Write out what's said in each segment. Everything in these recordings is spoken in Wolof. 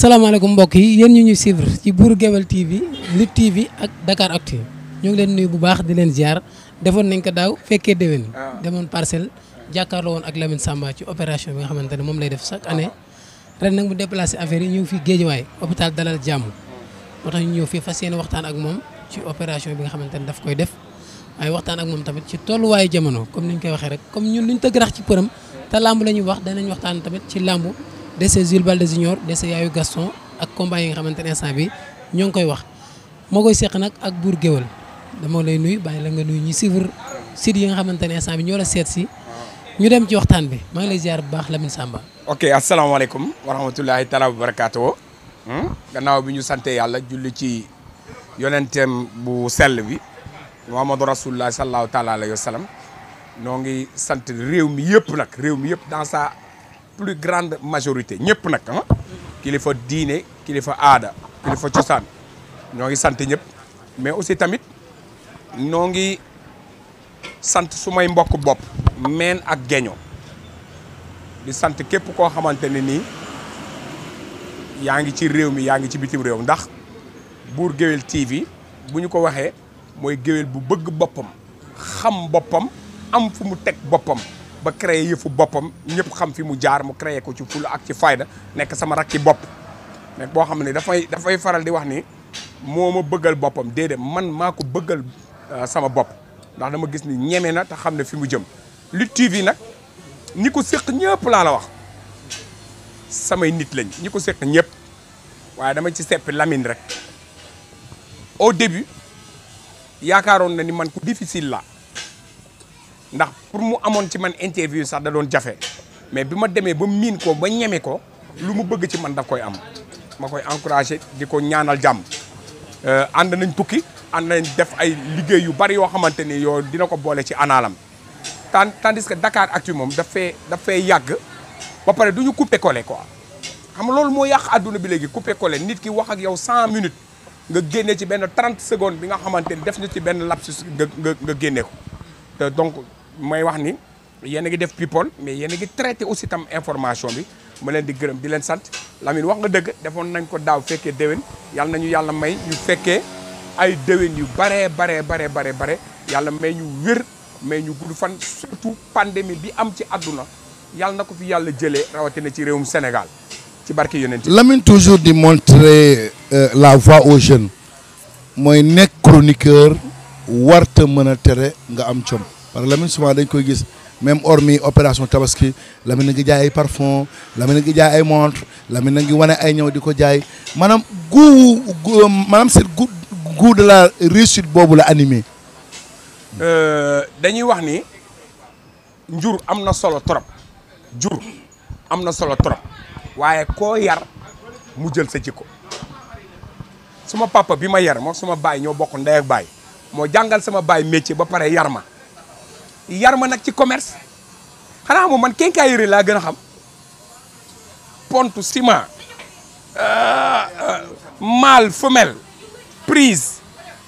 salaamaaleykum mbokk yi yéen ñu ñuy suivre ci buur Gueweul TV Lutte TV ak Dakar Actu ñu ngi leen nuyu bu baax di leen ziar defoon nañ ko daaw fekkee déwén. Ah. demoon parcelle jàkkaarloo woon ak Lamine Samba ci opération bi nga xamante ne moom lay def chaque année ren nag mu déplacé affaire yi ñu ngi fi Géejawaay hôpital Dalal Jàmm moo tax ñu ñëw fii fas yéene waxtaan ak moom ci opération bi nga xamante ne daf koy def waaye waxtaan ak moom tamit ci tolluwaayu jamono comme ni ñu koy waxee rek comme ñun luñ tëgg rax ci përëm te làmb la ñuy wax danañ waxtaan tamit ci làmb. dese Jules Balde Junior dese yaayu Gaston ak combat yi nga xamante ne instant bi ñoo ngi koy wax moo koy seq nag ak buur géwal dama lay nuyu bàyyi la nga nuy ñu suivre site yi nga xamante ne instant bi ñoo la seet si ñu dem ci waxtaan bi maa ngi lay bu baax Lamine Samba. ok asalaamaaleykum wa rahmatulahi taala wa barakaatu. Hmm? gannaaw bi ñu sante yàlla julli ci yonenteem bu sell bi Muhammadu Rasulullah sallallahu taala alayhi wa sallam noo sant réew mi yëpp nag réew mi yëpp dans plus grande majorité ñëpp nag ah, kilifa diine kilifa aada kilifa cosaan ñoo ngi sant ñëpp mais aussi tamit ñoo ngi sant su may mbokk bopp meen ak geño di sant képp koo xamante ne nii yaa ngi ci réew mi yaa ngi ci bitim réew ndax buur géwél TV bu ñu ko waxee mooy géwél bu bëgg boppam xam boppam am fu mu teg boppam ba créer yëfu boppam ñëpp xam fi mu jaar mu créer ko ci fula ak ci fayda nekk sama rakki bopp nekk boo xam ne dafay dafay faral di wax ni moo ma bëggal boppam déedéet man maa ko bëggal euh, sama bopp ndax dama gis ni ñeme na te xam ne fi mu jëm Lutte TV nag ni ko séq ñëpp laa la wax samay nit lañ ñi ko séq ñëpp waaye dama ci seppi Lamine rek au début yaakaaroon na ni man ku difficile la ndax pour mu amoon ci man interview sax da doon jafe mais bi ma demee ba miin ko ba ñeme ko lu mu bëgg ci man daf koy am ma koy encouragé di ko ñaanal jàmm euh, ànd nañ tukki ànd nañ def ay liggéey yu bari yoo xamante ni yoo dina ko boole ci anaalam tant tandis que Dakaractu moom daf fee daf yàgg ba pare du ñu coupé collé quoi xam nga loolu moo yàq àdduna bi léegi coupé collé nit ki wax ak yow 100 minutes nga génne ci benn 30 secondes bi nga xamante ni def na ci benn lapsus nga nga nga génne ko donc. may wax ni yéen a def people mais yéen gi traité aussi tam information bi ma leen di gërëm di leen sant Lamine wax nga dëgg defoon nañ ko daaw fekkee déwén yàlla nañu yàlla may ñu fekkee ay déwén yu baree baree baree baree bare yàlla may ñu wér may ñu gudd fan surtout pandémie bi am ci àdduna yàlla na ko fi yàlla jëlee rawatina ci réewum Sénégal ci barke yonent Lamine toujours di montrer euh, la voie au jeunes mooy nekk chroniqueur warta mën a tere nga am com parce que Lamine souvent dañ koy gis même hormis opération tabaski Lamine na ngi jaay ay parfum Lamine na ngi jaay ay montre Lamine na ngi wane ay ñëw di ko jaay maanaam goût maanaam c'est de la réussite boobu la animé. Euh, dañuy wax ni njur am na solo trop jur am na solo trop waaye koo yar mu jël sa ko suma papa bi ma yar moom suma baay ñoo bokk ndey ak baay moo jàngal sama baay métier ba pare yar ma. yar ma nag ci commerce xanaa moom man quincaillerie laa gën a xam pontu ciment euh, euh, mâle femelle prise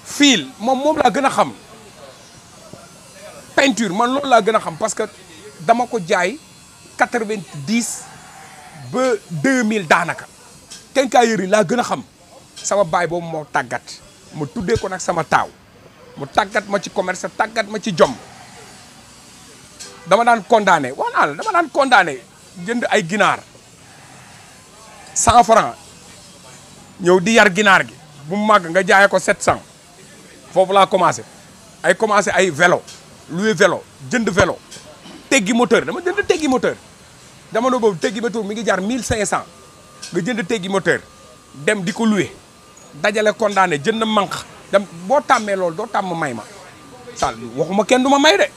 fiil moom moom laa gën a xam peinture man loolu laa gën a xam parce que dama ko jaay quatre-vingt-dix ba deux mille daanaka quincaillerie laa gën a xam sama baay boobu moo tàggat ma tuddee ko nag sama taaw mu tàggat ma ci commerce tàggat ma ci jom dama daan condamné wax naa dama daan condamné jënd ay ginaar cent franc ñëw di yar ginaar gi bu mu màgg nga jaayee ko sept cent foofu laa commencé ay commencé ay velo loué vélo jënd velo teggi moteur dama jënd teggi moteur jamono boobu teggi moteur mi ngi jaar mille cinq cent nga jënd teggi moteur dem di ko loué dajale condamné jënd manq dem boo tàmmee loolu doo tamm may ma sal waxuma kenn du ma may de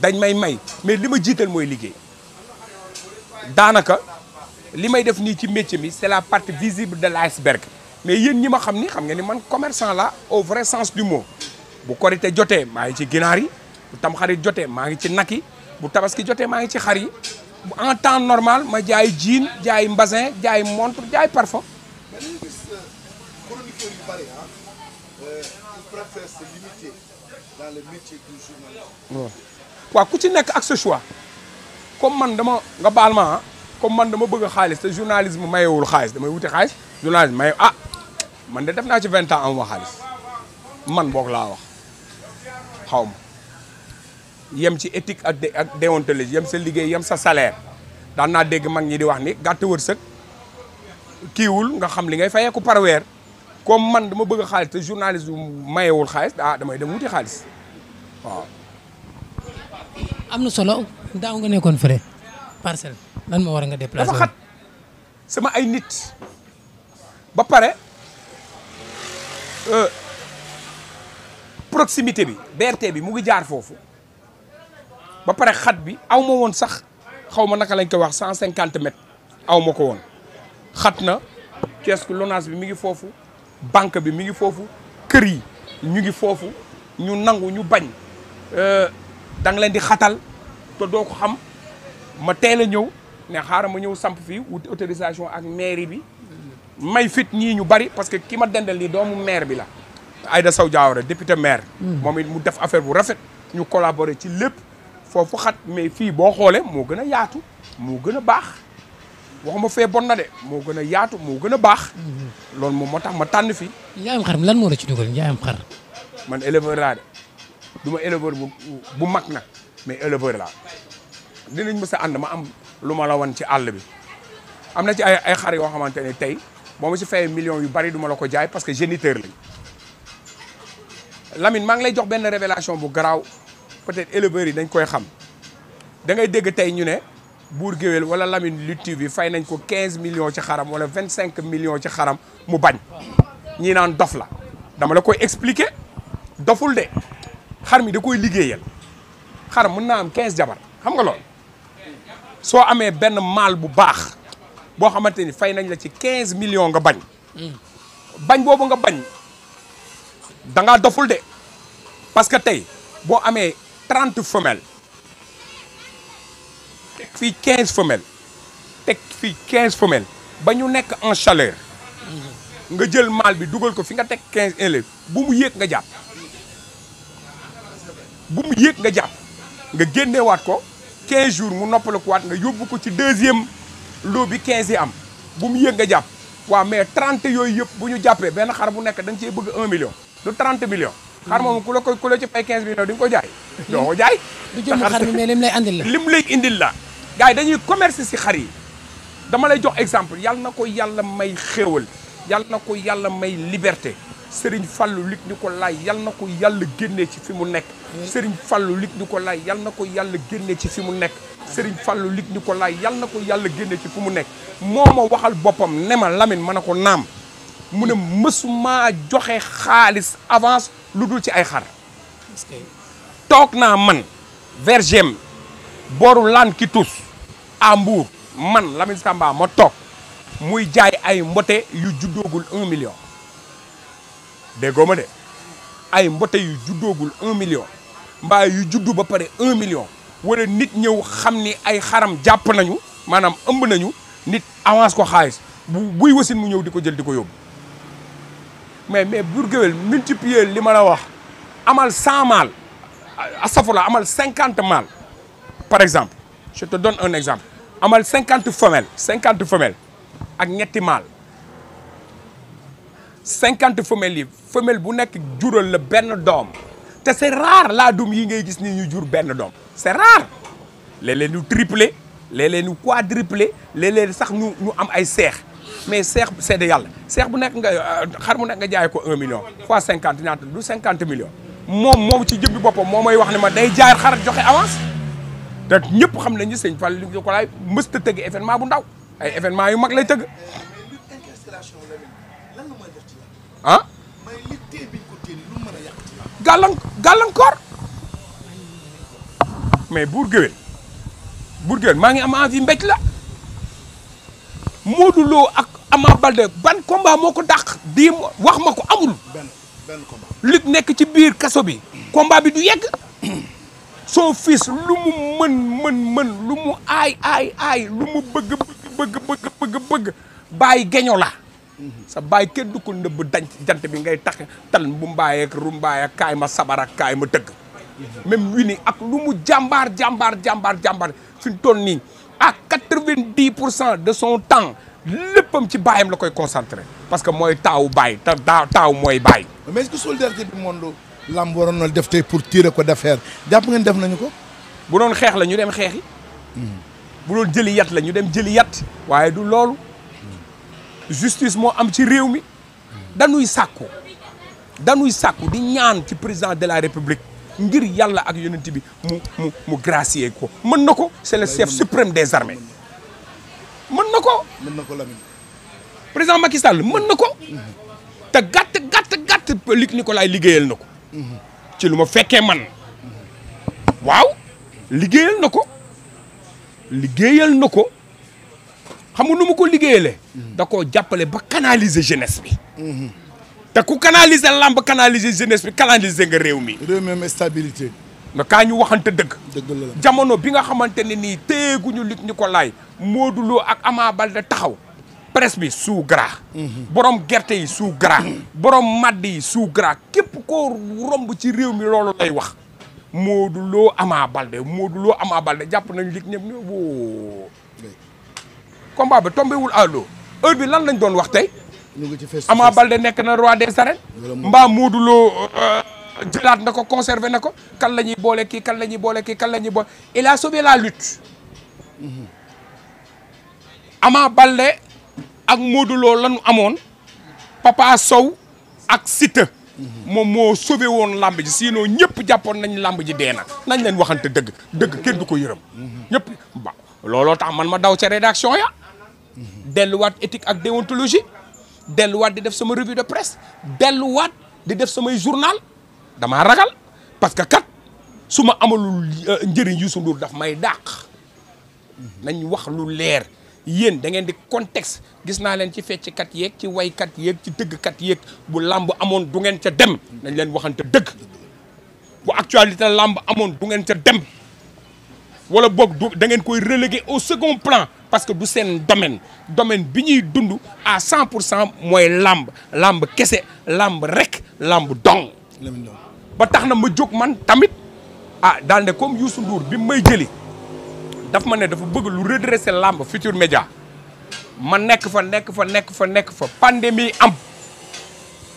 dañ may may mais li ma jiital mooy liggéey daanaka li may def nii ci métier mi c'est la partie visible de l'iceberg mais yéen ñi ma xam ni xam nga ni man commerçant la au vrai sens du mot bu korite jotee maa ngi ci ginaar yi bu tamxarit jotee maa ngi ci nag yi bu tabaski jotee maa ngi ci xar yi en temps normal ma jaay jean jaay mbasin jaay montre jaay parfum euh, dans waaw ku ci nekk ak sa comme man dama nga baal ma comme man dama bëgg xaalis te journalisme mayewul xaalis damay wuti xaalis journalisme maye ah man de def naa ci vingt ans amuma xaalis man boog laa wax xaw ma yem ci éthique ak ak déontologie yem sa liggéey yem sa salaire daan naa dégg mag ñi di wax ni gàtt wërsëg kiiwul nga xam li ngay fayeeku par weer comme man dama bëgg xaalis te journaliste bu mayewul xaalis ah damay dem wuti xaalis am na solo daaw nga nekkoon fële parcelle lan moo war nga déplacé dafa xat sama ay nit ba pare euh, proximité bi BRT bi mu ngi jaar foofu ba pare xat bi aw ma woon sax xaw ma naka lañ ko wax cent cinquante mètres aw ma ko woon xat na kees ku lonaas bi mi ngi foofu banque bi mi ngi foofu kër yi ñu ngi foofu ñu nangu ñu bañ euh, danga leen di xatal te doo ko xam ma teel a ñëw ne xaaral ma ñëw samp fii wut autorisation ak mairie bi may fit ñii ñu bari parce que ki ma dendal nii doomu maire bi la. Aïda Sow Diawara député maire. Mm. moom it mu def affaire bu rafet ñu collaborer ci lépp foofu xat mais fii boo xoolee moo gën a yaatu moo gën a baax waxuma fee bon na de moo gën a yaatu moo gën a baax. Mm-hmm. loolu moom moo tax ma tànn fii. njaayam xar lan moo la ci dugal njaayam xar. man du ma éleveur bu bu mag nag mais éleveur laa dinañ mës a ànd ma am lu ma la wan ci àll bi am na ci ay ay xar yoo xamante ne tey boo ma si fayee millions yu bari duma la ko jaay parce que géniteur lañ Lamine maa ngi lay jox benn révélation bu garaaw peut-être éleveurs yi dañ koy xam da ngay dégg tey ñu ne buur géwél wala Lamine Lutti bi fay nañ ko 15 millions ci xaram wala cinq million ci xaram mu bañ ñi naan dof la dama la koy expliquer doful de xar mi da koy liggéeyal xar mun naa am quinze jabar xam nga lool soo amee benn maal bu baax boo xamante ni fay nañ la ci 15 millions nga bañ. bañ boobu nga bañ da ngaa doful de parce que tey boo amee 30 femelles teg fii 15 femelles teg fii 15 femelles ba ñu nekk en chaleur. nga jël maal bi dugal ko fi nga teg quinze élèves bu mu yéeg nga jàpp. bu mu yéeg nga jàpp nga génneewaat ko 15 jours mu ko waat nga yóbbu ko ci deuxième lot bi 15 yi am bu mu yéeg nga jàpp waa mais 30 yooyu yëpp bu ñu jàppee benn xar bu nekk da nga bëgg un million du 30 millions. xar moom ku la ko ku la ci fay 15 millions di ko jaay. doo ko jaay. du jëmm xar mi mais lim lay andil la. lim lay indil la yi xar yi dama lay jox exemple yàlla na ko yàlla may xéewal. yal na ko yàlla may liberté Serigne Fallou Luc Nicolaï yal na ko yàlla génnee ci fi mu nekk. Serigne Fallou Luc Nicolaï yal na ko yàlla génnee ci fi mu nekk. Serigne Fallou Luc Nicolaï yal na ko yàlla génnee ci fi mu nekk. moo ma waxal boppam ne ma Lamine ma ne ko naam mu ne mësumaa joxe xaalis avance lu dul ci ay xar. toog naa man. vergem boru laan ki tus à Mbour man Lamine Samba ma toog. muy jaay ay mbote yu juddoogul un million déggoo ma de ay mbote yu juddoogul un million mbaa yu juddu ba pare un million wala nit ñëw xam ni ay xaram jàpp nañu maanaam ëmb nañu nit avance ko xaalis bu buy wasin mu ñëw di ko jël di ko yóbbu mais mais Bour Gueweul multiplier li ma la wax amal cent mal astafurlah amal cinquante mal par exemple je te done un exemple amal cinquante femelles cinquante femelles ak ñetti mâle cinquante femelles yi bu nekk jural la benn doom te c'est rare laa dum yi ngay gis ni ñu jur benn doom c'est rare léeg-léeg ñu triplé léeg-léeg ñu quadruplé léeg-léeg sax ñu ñu am ay seex mais seex seede yàlla seex bu nekk nga euh, xar mu nekk nga jaay ko un million fois cinquante ñaata du cinquante millions moom moom ci jëmbi boppam moo may wax ne ma day jaay xar joxe avance te ñëpp xam nañu sëñ Fall li ko laay mësta tëgg événement bu ndaw ay événement yu mag lay tëgg. ah. mais buur géwél buur géwél maa ngi am envie mbéj la Modou Lo ak Ama Baldé ban combat moo ko dàq di wax ma ko amul. benn nekk ci biir kaso bi. combat bi du yegg. son fils lu mu mën mën lu mu aay aay aay lu mu bëgg. bëgg bëgg bëgg bëgg bàyyi geño la sa baay kenn du ko nëbb danc jant bi ngay tax tal bu mbaay ak rumbaay ak kaay ma sabar ak ma tëgg même wini ak lu mu jàmbaar jàmbaar jàmbaar jàmbaar fi mu nii à quatre-vingt-dix pour cent de son temps léppam ci baayam la koy concentré parce que mooy taawu baay ta taaw mooy baay mais est-ce que solidarité bi moom lamb waroon na def tey pour tirer ko d'affaire jàpp ngeen def nañu ko bu doon xeex la ñu dem xeexi hmm. bu doon jëli yat la ñu dem jëli yat waaye du loolu justice moo am ci réew mi danuy sàkku dañuy sàkku di ñaan ci président de la république ngir yàlla ak yonent bi mu mu gracier ko mën na ko c'est le chef suprême des armées mën na ko. mën na ko Lamine. président Macky Sall mën na ko. te gàtt gàtt gàtt Luc Nicolaï liggéeyal na ko. ci lu ma fekkee man. waaw liggéeyal na ko. liggéeyal na ko xam nga nu mu ko liggéeyale mm. da ko jàppale ba canaliser jeunesse bi. Mm-hmm. te ku canaliser làmb canaliser jeunesse bi canaliser nga réew mi. réew mi am na kaa ñu waxante dëgg. dëgg jamono bi nga xamante ne nii téyeguñu lit ñu ko laay. mooduloo Lo ak Ama taxaw. presse bi suu gras. Mm-hmm. gerte yi suu gras. Mm-hmm. borom madd yi suu gras képp ko romb ci réew mi loolu lay wax. Modou Lo Ama Balde Modou Lo Ama Balde jàpp nañu lig ñëpp ñëpp woo. combat bi tombé wul à l'eau heure bi lan lañ doon wax tey. ñu ngi ci fees Ama Balde nekk na roi des arènes. mbaa Modou Lo euh, jëlaat na ko conservé na ko kan la ñuy boole kii kan la ñuy boole kii kan la ñuy boole il a la lutte. Mm-hmm. Ama Balde ak Modou Lo lañu amoon Papa Sow ak Siteu. moom moo sauvé woon làmb ji sinon ñëpp jàppoon nañ làmb ji dee nag nañ leen waxante dëgg dëgg kenn du ko yërëm ñëpp ba looloo tax man ma daw ca rédaction ya delluwaat éthique ak déontologie delluwaat di def sama revue de presse delluwaat di def samay journal dama ragal parce que kat su ma amalul euh, njëriñ Youssou Ndour daf may dàq nañ wax lu leer yéen dangeen ngeen di contexte gis naa leen ci fecckat yeeg ci waykat yeeg ci dëggkat yeeg bu làmb amoon du ngeen ca dem nañ leen waxante dëgg bu actualité lamb amoon du ngeen ca dem wala boog du da ngeen koy relégué au second plan parce que du seen domaine domaine bi ñuy dund à cent pour cent mooy làmb làmb kese làmb rek làmb dong ba tax na ma jóg man tamit ah daal ne comme Youssou Ndour bi may jëli dafa ma ne dafa bëgg lu redresser làmb futur média ma nekk fa nekk fa nekk fa nekk fa pandémie am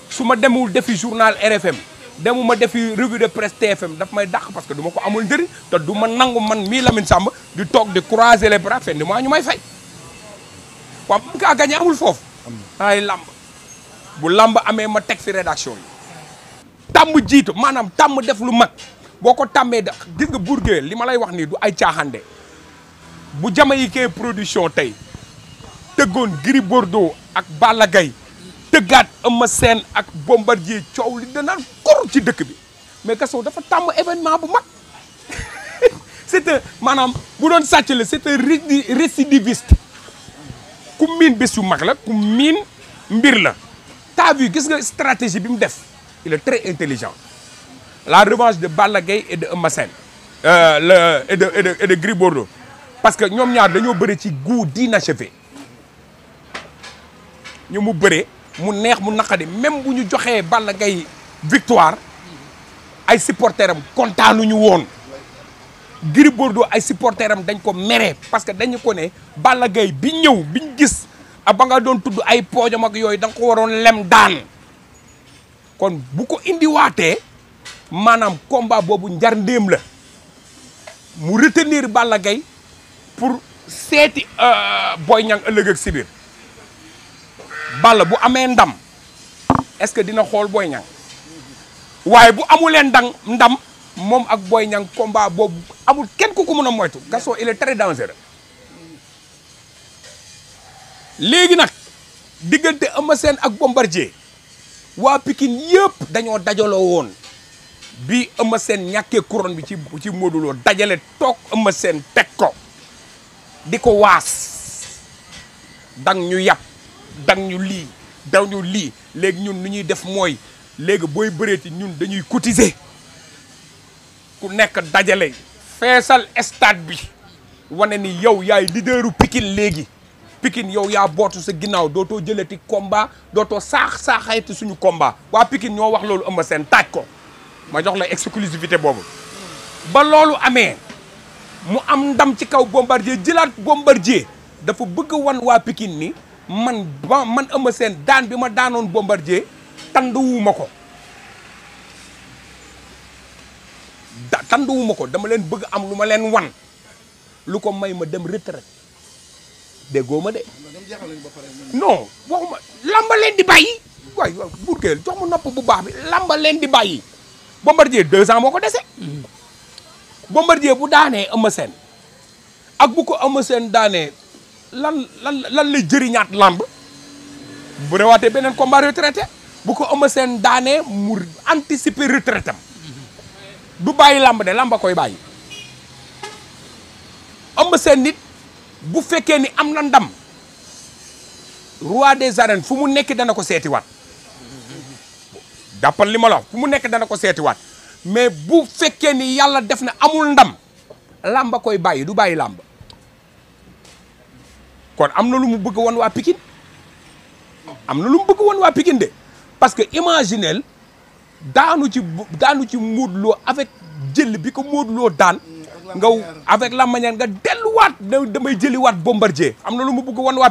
su ma demul defi journal RFM demuma defi revue de presse TFM daf may dàq parce que du ma ko amul njëriñ te du ma nangu man mii Lamine Samb di toog di croiser les bras fenn maa ñu may fay waaw man kaa gañe amul foofu ay làmb bu làmb amee ma teg fi rédaction yi tàmm jiitu maanaam tàmm def lu mag boo ko tàmmee da gis nga Bourguel li ma lay wax nii du ay caaxaan bu Jamaïcain production tey tëggoon Gris Bordeaux ak Balla Gaye tëggaat Eumeu ak Bombardier coow li danaan kor ci dëkk bi mais Gaston dafa tàmm événement bu mag c'est un maanaam bu doon sàcc la c'est un récidiviste ku miin bés yu mag la ku miin mbir la t'as vu gis nga stratégie bi mu def il très intelligent la revanche de Balla Gaye et de Eumeu Sène euh, le de et et de Gris Bordeaux parce que ñoom ñaar dañoo bëre ci goût d'inachevé ñu mu bëre mu neex mu naqadi même bu ñu joxee Balla Gaye victoire ay supporteram kontaanuñu woon Gris Bordeaux ay supporteram dañ ko meree parce que dañ ko ne Balla Gaye bi ñëw biñ gis a ah ba nga doon tudd ay poojam ak yooyu da nga ko waroon lem daan kon bu ko indiwaatee maanaam combat boobu njar la mu retenir Balla Gaye pour seeti euh, Boy Niang ëllëg ak si biir bu amee ndam est-ce que dina xool Boy Niang waaye bu amulee ndam ndam moom ak Boy Niang combat boobu amul kenn ku ko mën a moytu Gaston il est très dangereux léegi nag diggante Eumeu Sène ak Bombardier waa Pikine yëpp dañoo dajaloo woon bi Eumeu Sène ñàkkee couronne bi ci ci Modou dajale toog Eumeu Sène teg ko di ko waas dang ñu yàpp dang ñu lii dañu lii léegi ñun nu ñuy def mooy léegi booy bëreeti ñun dañuy cotiser ku nekk dajale feesal stade bi wane ni yow yaay leaderu Pikine léegi Pikine yow yaa bootu sa ginnaaw dootoo jëlati combat dootoo saax saaxayti suñu combat waa Pikine ñoo wax loolu ëmb seen taaj ko ma jox la exclusivité boobu ba loolu amee mu am ndam ci kaw Bombardier jëlaat Bombardier dafa bëgg wan waa Pikine ni man ba man Eumeu seen daan bi ma daanoon Bombardier tanduwuma ko da tanduwuma ko dama leen bëgg am lu ma leen wan lu ko may ma dem retraite déggoo ma de non waxuma lamba leen di bàyyi waay waaw burkeel jox ma nopp bu baax bi lamba leen di bàyyi Bombardier deux ans ko dese mm. Bombardier bu daanee Eumeu Sène ak bu ko Eumeu Sène daanee lan lan lan lay jëriñaat lamb bu rewaatee beneen combat retraité bu ko Eumeu Sène daanee mu anticiper retraite du bàyyi lamb de lamba koy bàyyi Eumeu Sène nit bu fekkee ni am na ndam roi des arènes fu mu nekk dana ko seetiwaat jàppal li ma fu mu nekk dana ko seetiwaat mais bu fekkee ni yàlla def na amul ndam làmba koy bàyyi du bàyyi làmb kon am na lu mu bëgg woon waa Pikine am na lu mu bëgg woon waa parce que imaginel daanu ci daanu ci Modou Lo avec jël bi ko Modou Lo daan nga avec la manière nga delluwaat damay am na lu mu bëgg woon waa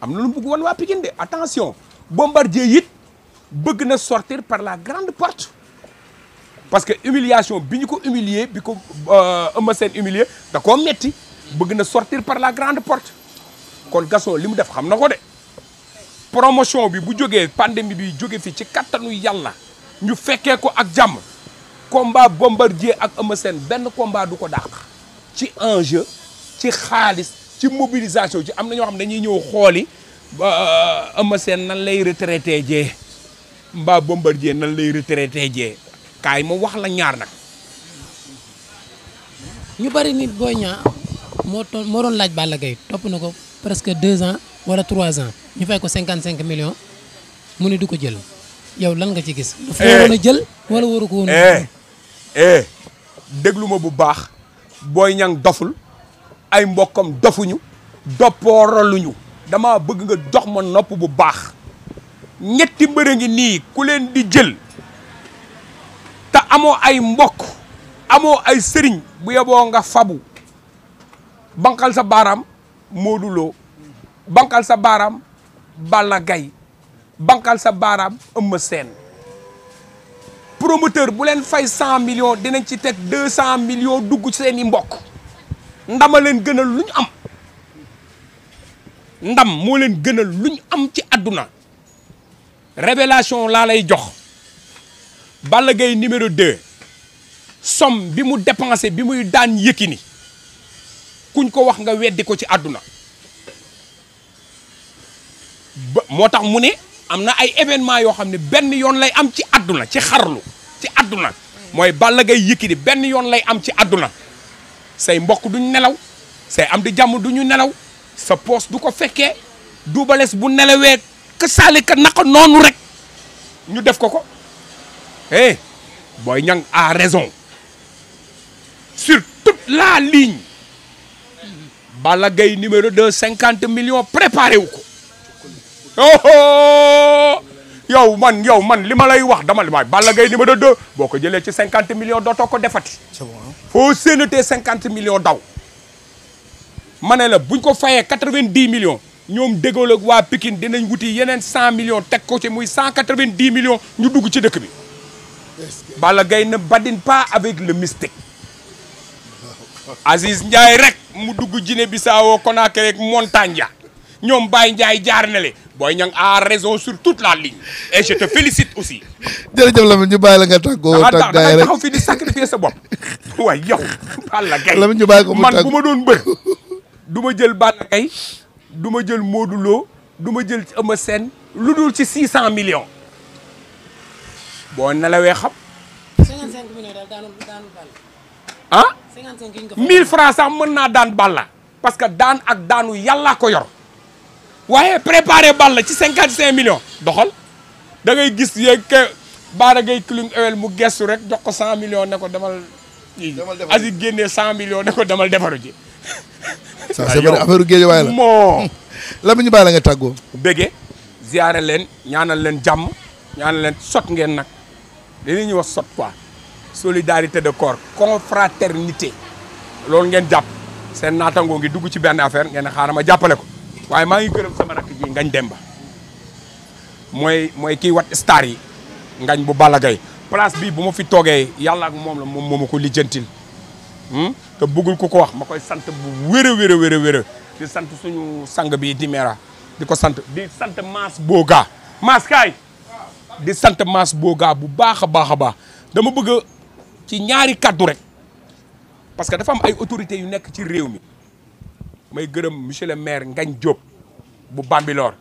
am na lu mu bëgg woon waa de attention Bombardier it bëgg na sortir par la grande porte parce que humiliation bi ñu ko humilier bi ko euh, Eumeu Sène humilier da koo metti bëgg na sortir par la grande porte kon Gaston li mu def xam na ko de promotion bi bu jógee pandémie bi jóge fi ci kattanu yàlla ñu fekkee ko ak jàmm combat Bombardier ak Eumeu Sène benn combat du ko dàq ci enjeu ci xaalis ci mobilisation ci am na ñoo xam ne dañuy ñëw xooli euh, Eumeu Sène nan lay retraité jee mbaa Bombardier nan lay retraité jee kay ma wax la ñaar nag. ñu bari nit Boy Niang moo doon moo doon laaj Balla topp na ko presque deux ans wala trois ans ñu fay ko cinquante cinq millions mu ne du ko jël yow lan nga ci gis. Eh. dafa waroon a jël wala waru ko woon eh. Eh. déglu ma bu baax booy Niang doful ay mbokkam dofuñu dopporaluñu dama bëgg nga dox ma nopp bu baax. ñetti mbër nii ku leen di jël te amoo ay mbokk amoo ay sëriñ bu yeboo nga fabu banqal sa baaraam Modou Lo banqal sa baaraam Balla gay banqal sa baaraam Eumeu seen promoteur bu leen fay cent millions dinañ ci teg deux cent millions dugg ci seen i mbokk ndama leen gënal lu ñu am ndam moo leen gënal lu ñu am ci àdduna révélation laa lay jox Balla Gaye numéro 2 somme bi mu dépensé bi muy daan Yékini kuñ ko wax nga weddi ko ci àdduna moo tax mu ne am na ay événement yoo xam ne benn yoon lay am ci àdduna ci xarlu ci àdduna mooy Balla Gaye Yékini benn yoon lay am ci àdduna say mbokk duñ nelaw say am di jàmm duñu nelaw sa poos du ko fekkee Double Less bu nelawee ka saalika naka noonu rek ñu def ko ko eh Boy Niang a raison sur toute la ligne Balla Gaye numéro deux cinquante millions préparé wu ko oh, oh. yow man yow man li ma lay wax dama li may Balla gay numéro de boo ko jëlee ci cinquante millions dootoo ko defati foo séenatee cinquante millions daw ma ne la buñ ko fayee quatre-vingt-dix million ñoom déggoo ak waa Pikine dinañ wuti yeneen cent teg ko ci muy cent quatre-vingt-dix millions ñu dugg ci dëkk bi. Balla Gaye ne badine pas avec le mystique. Aziz Ndiaye rek mu dugg Guinée Bissau Conakry rek montagne ñoom Baye Ndiaye jaar na le Boy Niang a raison sur toute la ligne et je te félicite aussi. jërëjëf Lamine ñu bàyyi la nga tàggoo tàggaay rek da nga sa bopp waaye yow. Balla Gaye Lamine man bu ma doon mbër du ma jël Balla Gaye du ma jël Modou Lo du ma jël Eumeu Sène lu dul ci 600 millions boo nelawee xam. 55 millions daal daanu daanu Balla. Ah? mën naa daan Balla parce que daan ak daanu yàllaa ko yor waaye préparé Balla ci 55 millions doxal da ngay gis yeeg ke baara ngay kilim ewel mu gestu rek jox ko 100 millions ne ko demal. demal defaru ji Aziz génnee 100 millions ne ko demal defaru ji. saa ah, semaine affaire géej waay la moo la mu ñu bàyyi la nga tàggoo bége ziyaare leen ñaanal leen jàmm ñaanal leen sot ngeen nag dañuy ñuy wax sot quoi solidarité de corps confraternité loolu ngeen jàpp seen naatangoo ngi dugg ci benn affaire ngeen xaaral ma jàppale ko waaye maa ngi gërëm sama rakk ji ngañ dem mooy mooy kii wat star yi ngañ bu Balla Gaye place bii bu ma fi toogee yàlla ak moom la moom moo ma ko lijjantil Hmm? te bëggul ku ko wax ma koy sant bu wér a wér di sant suñu sang bi Dimera di ko sant di sant Mass Boga Mass kaay di sant Mass Boga bu baax a baax a baax dama bëgg ci ñaari kaddu rek parce que dafa am ay autorités yu nekk ci réew mi may gërëm monsieur le maire ngañ Diop bu Bambilor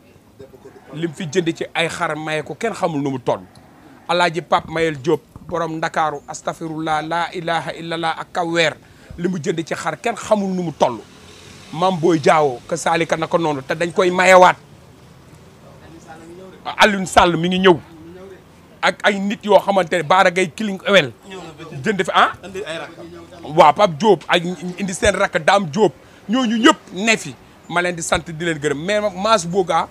lim fi jënd ci ay xar maye ko kenn xamul nu mu toll alaaji Pape Mayel Diop borom ndakaaru astafirullah la ilaha illallah ak kaw weer li mu jënd ci xar kenn xamul nu mu toll mam booy jaawoo que saalika ko noonu te dañ koy mayewaat alin Sall mi ngi ñëw ak ay nit yoo xamante ne baara gay kiling ewel jënd fi ah waaw Pape Diop ak indi seen rakk Dame Diop ñooñu ñëpp ne fi ma di sant di leen gërëm mais maas boogaa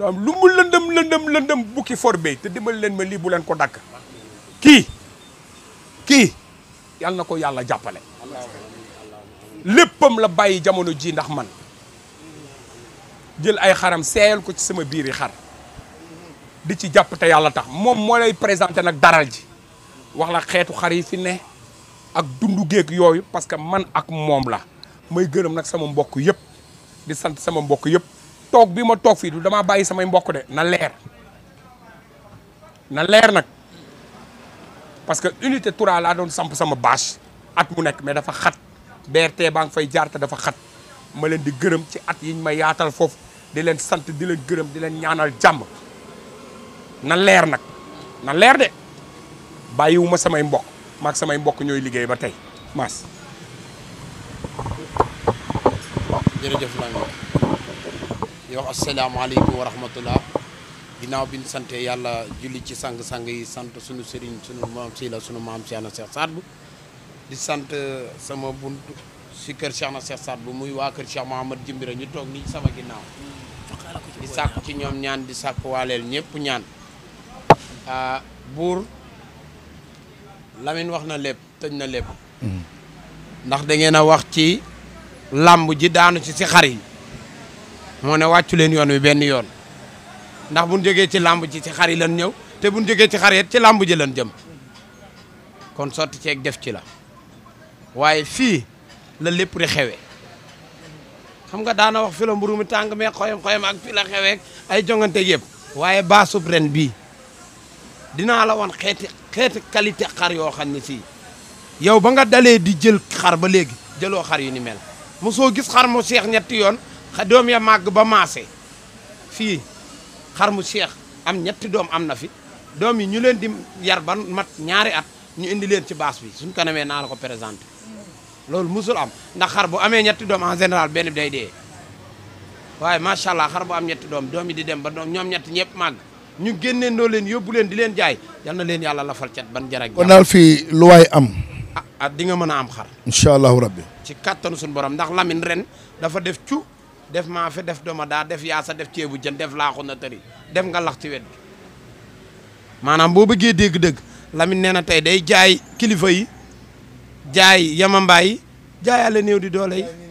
lu mu lëndëm lëndëm lëndëm bukki forbey te dimbal leen ma liibu leen ko dakk kii kii yal na ko yàlla jàppale léppam la bàyyi jamono ji ndax man jël ay xaram seeyal ko ci sama biir yi xar di ci jàpp te yàlla tax moom moo lay présenté nag daral ji wax la xeetu xar yi fi ne ak dundu géeg yooyu parce que man ak moom la may gërëm nag sama mbokk yëpp di sant sama mbokk yëpp toog bi ma toog fii du damaa bàyyi samay mbokku de na leer na leer nag parce que unité Toura laa doon samp sama bâche at mu nekk mais dafa xat BRT baa ngi fay jaar te dafa xat ma leen di gërëm ci at yiñ ma yaatal foofu di leen sant di leen gërëm di leen ñaanal jàmm na leer nag na leer de bàyyiwu ma samay mbokk maag samay mbokk ñooy liggéey ba tey maas jërëjëf Nango di wax ginnaaw bi ñu sante yàlla julli ci sang-sang yi sant sunu sëriñ sunu maam si la sunu maam Cheikh na Cheikh Saad Bou di sant sama bunt si kër Cheikh na Cheikh Saad Bou muy waa kër Cheikh Mouhamad Jimbira ñu toog nii sama ginnaaw di sàkku ci ñoom ñaan di sàkku waaleel ñëpp ñaan ah, buur Lamine wax na lépp tëj na lépp ndax da ngeen a wax ci làmb ji daanu ci si xar yi moo ne wàccu leen yoon wi benn yoon ndax bu ñu jógee ci làmb ji ci xar yi lan ñëw te bu ñu jógee ci xar yi ci làmb ji lan jëm kon sotti ceeg def ci la waaye fii la lépp di xewee xam nga daana wax filo mburu mu tàng mee xoyam xoyam ak fi la xewee ay jongante yépp waaye baasub ren bii dinaa la wan xeeti xeeti qualité xar yoo xam ne sii yow ba nga dalee di jël xar ba léegi jëloo xar yu ni mel mosoo gis xar mu seex ñetti yoon doom ya màgg ba maase fii xar mu seex am ñetti doom am na fi doom yi ñu leen di yar ban mat ñaari at ñu indi leen ci baas bi suñ kanamee naa la ko présenté loolu musul am ndax xar bu amee ñetti doom en général benn bi day dee waaye macha allah xar bu am ñetti doom doom yi di dem ba doom ñoom ñetti ñëpp màgg ñu génneen doo leen yóbbu leen di leen jaay yal na leen yàlla lafal cat ban jaraj kon daal fii lu waay am ah, ah di nga mën a am xar incha allahu rabbi ci kattanu suñu borom ndax Lamine ren dafa def def maa fi def doma daa def yaasa def ceebu jën def laaxu na tëri def nga lax ci wet maanaam boo bëggee dégg-dégg Lamine nee na tey day jaay kilifa yi jaay yamambaay yi jaayaale néew di doole yi